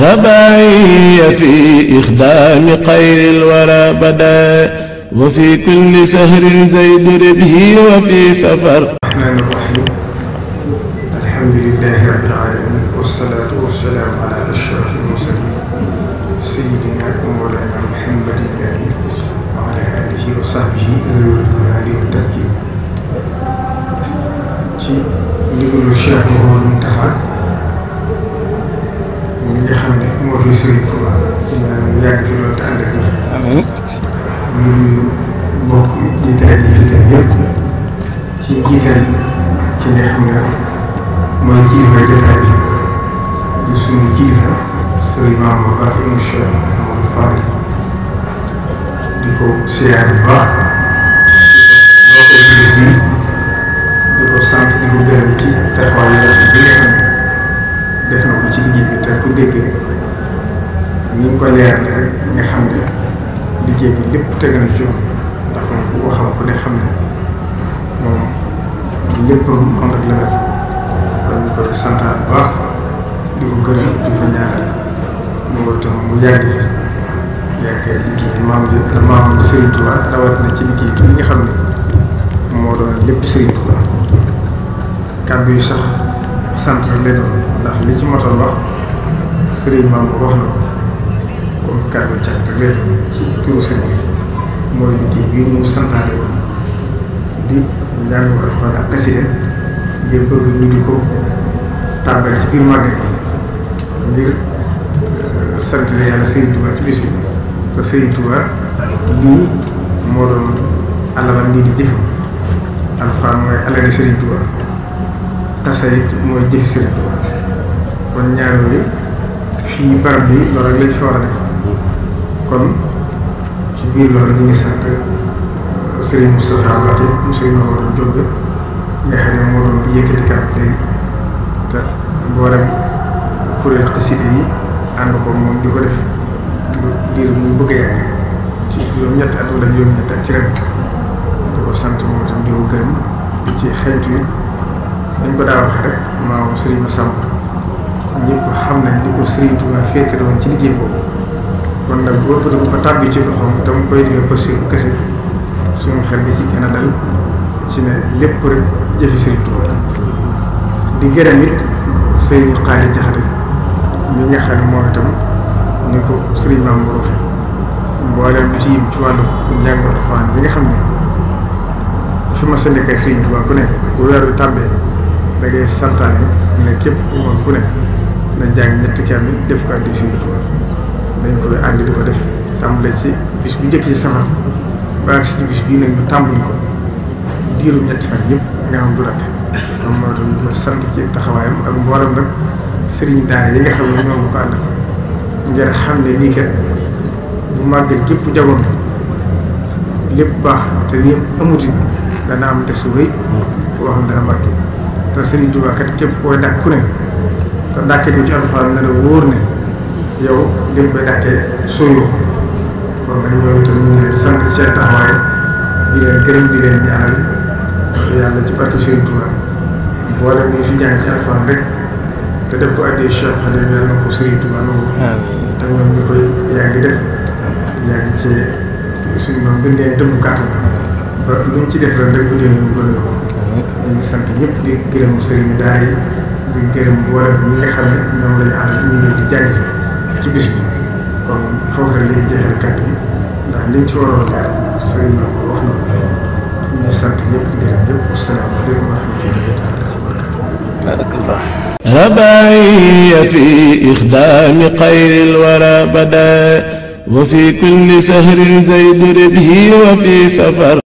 رباعية في إخدام قير الورى بدا وفي كل سهر زيد ربه وفي سفر الرحمن الرحيم الحمد لله رب العالمين والصلاة والسلام على أشرف المرسلين سيدنا ومولانا محمد النبي وعلى آله وصحبه ذوي الجلال والتكريم ci ndigalu Cheikh Mouhamadou xam ne moo fi Sëriñ Tuuba ñaan mu yàgg fi loolu te ànd ak ñi ñuy bokk di fi teg yëpp ci njiital ci nga xam ne mooy kilifa jotaay bi di suñu kilifa Sëriñ Mamadou Bakk ibn Cheikh Mamadou Fadil di ko siyaar bu baax di ko sant di ko gërëm ci taxawaay yi nga xam ne ñu ngi ko leer rek nga xam ne liggéey bi lépp teg na ci yoon ndax moom ku ko xam ku ne xam ne moom lépp moom rek la kon ñu koy santaat bu baax di ko gërëm di ko ñaanal mu tam mu yàgg yàgg liggéey maam ji la maam ji Serigne Touba rawat na ci liggéey bi nga xam ne moo doon lépp Serigne Touba kàddu yi sax sant rek doon ndax li ci motal wax Serigne Maam wax na ko comme kàddu cant weer ci turu sëriñ bi mooy liggéey bi mu santaane di njàng alxuraan ak xasida ngir bëgg ñu di ko tàmbali ci biir màggal ngir euh, sant la yàlla Serigne ci bis te Serigne Touba moo doon alalam lii di jëfam alxuraan mooy alali Serigne Touba mooy jëfi Serigne kon ñaar yooyu fii barab bi loolu rek lañ fi a def. kon ci biir loolu ñu ngi sant euh, Serigne Moustapha Mbacké monsieur Mamadou Diop nga xam ne moo doon yëkkati kàddu léegi te mboolem kuréel xasida yi ànd ko moom di ko def diir mu bëgg yàgg ci juróom-ñetti at wala juróom-ñetti at ci ren di ko sant moom itam di ko gërëm ci xeetu yi dañ ko daa wax rek maam Serigne Massamba ñëpp xam nañ di ko Serigne Touba féete woon ci liggéey boobu. kon nag boo ko ko tàbbi ci loxoom tam koy defee posture bu kese suñu xel bi ci gën ci ne lépp ko rek jëfi Sëriñ Tuubaa di gërëm it Sëriñ Xaali Jaxate mi nga xam ne moom ko sëriñ maam bu ci ci wàllu njàng bi xam ne fi ma sa nekkee Sëriñ Tuubaa ku ne bu weer wi tàmbee da ngay ne képp ku ne na jàng ñetti kaamil def ko addi Sëriñ Tuubaa dañ koy ànd di ko def tàmbale ci bis bu njëkk ci safar baax si bis bii nag ñu tàmbali ko diiru ñetti fan yëpp nga xam du rakk moom sant ci taxawaayam ak mbooram nag sëriñ daara yi nga xam ne ñoom ko ànd lii kat bu màggal gépp jagoon lépp baax te lii amuti dana am des su rëy dana màgg te sëriñ Tuubaa kat képp koy dàkk ku ne te dàkkee ko ci alxuraan na la wóor ne yow li nga koy dàkkee sooyoo kon nag ñoom itam ngi leen sant seen taxawaay di leen gërëm di leen ñaanal yàlla ci barke Serigne Touba wala ñu fi jàng ci alxuraan rek te def ko addee Cheikh Khadim yàlla na ko Serigne Touba noonu te ñoom koy yàgg def yàgg ci suñu moom gën leen dëmm kàttan ba luñ ci def ren rek bu dee ñu gën a yokk ñu ngi sant ñëpp di gërëm Serigne yi di gërëm wala ñi nga xam ne ñoom la ñu àndal ñu ngi di jàng si ci bis bi kon foofu rek lay jeexal kàddu yi ndax liñ ci waroon leer sëriñ na ko wax na ñu sant ñëpp di gërëm ñëpp asalaamaaleykum wa rahmatullahi taala wa barakatuh بارك الله رباعي في إخدام خير الورى بدا وفي كل سهر زيد ربه وفي سفر